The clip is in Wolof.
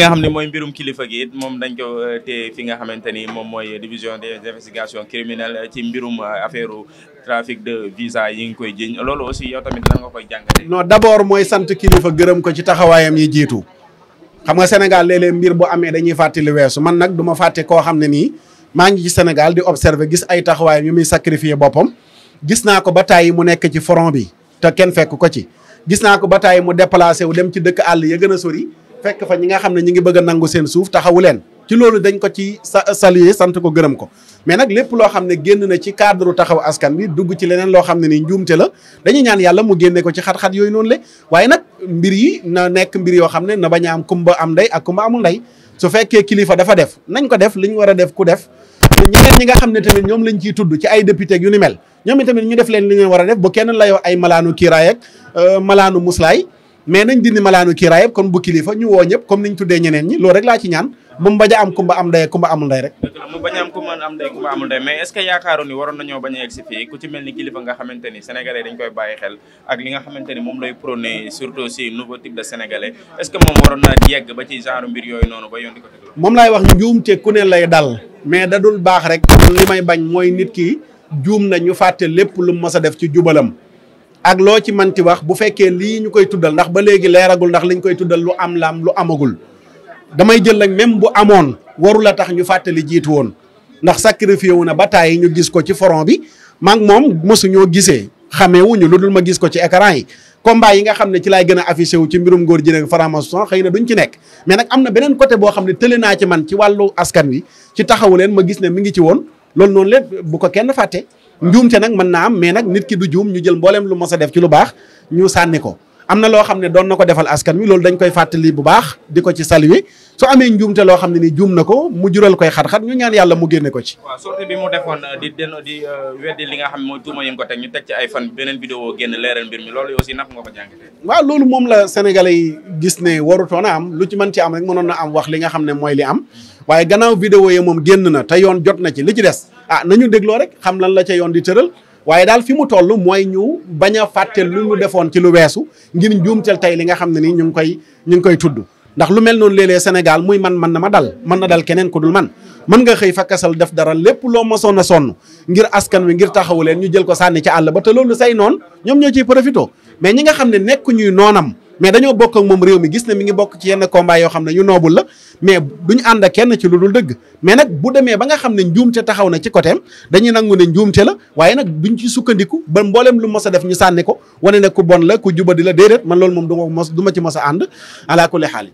li nga xam ne mooy kilifa gi moom dañ ko euh, téye fi nga xamante ni moom mooy division des investigations criminelles euh, ci mbirum euh, affaire trafic de visa yi ngi koy jiñ loolu aussi yow tamit lan nga koy jàngate non d'abord mooy sant kilifa gërëm ko ci taxawaayam yi jiitu xam nga Sénégal léeg-léeg mbir bu amee dañuy fàtte lu weesu man nag du ma fàtte koo xam ne nii maa ngi ci Sénégal di observer gis ay taxawaayam yu muy sacrifier boppam gis naa ko ba tàyyi mu nekk ci front bi te kenn fekk ko ci gis naa ko ba tàyyi mu déplacé wu dem ci dëkk àll ya gën a sori fekk fa ñi nga xam ne ñi ngi bëgg a nangu seen suuf taxawu leen ci loolu dañ ko ci sa euh, saluer sant ko gërëm ko mais nag lépp loo xam ne génn na ci cadre taxaw askan bi dugg ci leneen loo xam ne ni njuumte la dañuy ñaan yàlla mu génne ko ci xat-xat yooyu noonu la waaye nag mbir yi na nekk mbir yoo xam ne na bañ a am kumba am ndey ak kumba amu ndey su fekkee kilifa dafa def nañ ko def li ñu war a def ku def ñeneen ñi nga xam ne tamit ñoom lañ ciy tudd ci ay député yu ni mel ñoom ñu def leen li ñu war a def bu kenn layoo ay malaanu kiiraay ak euh, malaanu muslaay mais nañ dindi malaanu kiiraay yëpp kon bu kilifa ñu woo ñëpp comme niñ tuddee ñeneen ñi loolu rek laa ci ñaan bu mu bañ a am kumba am ndey kumba amul rek a am kumba am ndey kumba amul ndey mais est ce que yaakaaroon ni waroon nañoo bañ a egg xamante ni moom lay prôné surtout si nouveau type de sénégalais est ce que moom waroon na ci moom laay wax njuumte ku ne lay dal mais da baax rek li may bañ mooy nit ki juum na ñu fàtte lépp lu mu mës a def ci jubalam ak loo ci manti wax bu fekkee lii ñu koy tuddal ndax ba léegi leeragul ndax liñ koy tuddal lu am laam lu amagul damay jël nag même bu amoon warul a tax ñu fàttali jiitu woon ndax sacrifié wu na ba tàyyi ñu gis ko ci front bi maag moom mosuñoo gisee xamee wuñu lu dul ma gis ko ci ecran yi combat yi nga xam ne ci laay gën a affiché wu ci mbirum góor ji franc-maçon xëy na duñ ci nekk mais nag am na beneen côté boo xam ne tële naa ci man ci wàllu askan wi ci taxawu leen ma gis ne mi ngi ci woon loolu noonu lépp bu ko kenn fàtte njuumte nag mën naa am mais nag nit ki du juum ñu jël mbooleem lu mos a def ci lu baax ñu sànni ko am na loo xam ne doon na ko defal askan wi loolu dañ koy fàttali bu baax di ko ci saluer su amee njuumte loo xam ne ni juum na ko mu jural koy xat-xat ñu ñaan yàlla mu génne ko ci. waaw sortie bi mu defoon euh, di delloo di euh, nga xam mooy tuuma yi ñu teg ci ay fan beneen vidéo génn leeral mbir mi loolu aussi naka nga ko jàngatee. loolu moom la sénégalais gis ne warutoon a am lu ci mën ci am rek mënoon na am wax li nga xam ne mooy li am waaye gannaaw vidéo yi moom génn na te yoon jot na ci li ci des ah nañu dégloo rek xam lan la ca yoon di tëral waaye daal fi mu toll mooy ñu bañ a fàtte lu ñu defoon ci lu weesu ngir njuumteel tey li nga xam ne ni ñu ngi koy ñu ngi koy tudd ndax lu mel noon léeg-léeg Sénégal muy man man na ma dal mën na dal keneen ku dul man mën nga xëy fakkasal def dara lépp loo mosoon a sonn ngir askan wi ngir taxawu leen ñu jël ko sànni ci àll ba te loolu say noon ñoom ñoo ciy profité mais ñi nga xam ne nekk ñuy noonam mais dañoo bokk ak moom réew mi gis na mi ngi bokk ci yenn combat yoo xam ne ñu noobul la mais duñu ànd ak kenn ci lu dul dëgg mais nag bu demee ba nga xam ne njuumte taxaw na ci côté am dañuy nangu ne njuumte la waaye nag duñ ci sukkandiku ba mbooleem lu ma a def ñu sànni ko wane ne ku bon la ku di la déedéet man loolu moom du ma mos ma ci mos a ànd alaa kulli xaal